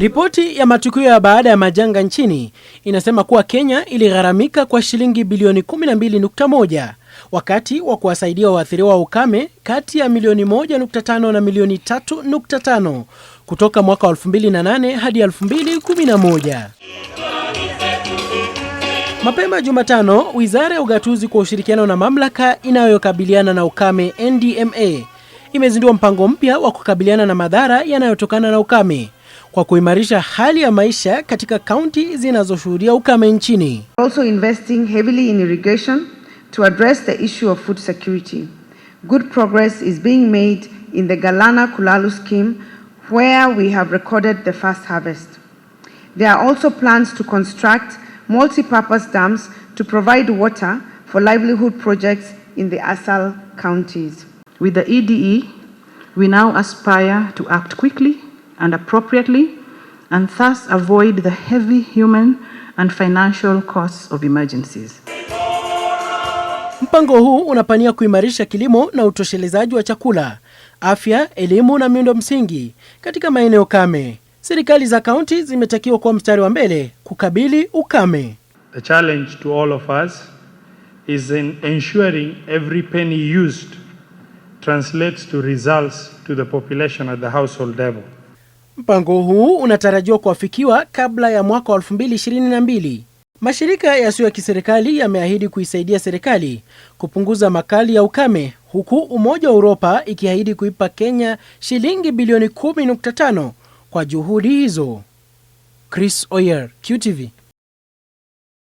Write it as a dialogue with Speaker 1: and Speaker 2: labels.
Speaker 1: Ripoti ya matukio ya baada ya majanga nchini inasema kuwa Kenya iligharamika kwa shilingi bilioni 12.1 wakati wa kuwasaidia waathiriwa wa ukame kati ya milioni 1.5 na milioni 3.5 kutoka mwaka 2008 hadi 2011. Mapema Jumatano, Wizara ya Ugatuzi kwa ushirikiano na mamlaka inayokabiliana na ukame NDMA imezindua mpango mpya wa kukabiliana na madhara yanayotokana na ukame kwa kuimarisha hali ya maisha katika kaunti zinazoshuhudia ukame nchini.
Speaker 2: Also investing heavily in irrigation to address the issue of food security. Good progress is being made in the Galana Kulalu scheme where we have recorded the first harvest. There are also plans to construct multi-purpose dams to provide water for livelihood projects in the Asal counties. With the EDE, e, we now aspire to act quickly and appropriately, and thus avoid the heavy human and financial costs of emergencies.
Speaker 1: Mpango huu unapania kuimarisha kilimo na utoshelezaji wa chakula, afya, elimu na miundo msingi katika maeneo kame. Serikali za kaunti zimetakiwa kuwa mstari wa mbele kukabili ukame.
Speaker 3: The challenge to all of us is in ensuring every penny used translates to results to the population at the household level.
Speaker 1: Mpango huu unatarajiwa kuafikiwa kabla ya mwaka wa 2022. Mashirika yasiyo ya kiserikali yameahidi kuisaidia serikali kupunguza makali ya ukame, huku Umoja wa Uropa ikiahidi kuipa Kenya shilingi bilioni 10.5 kwa juhudi hizo. Chris Oyer, QTV.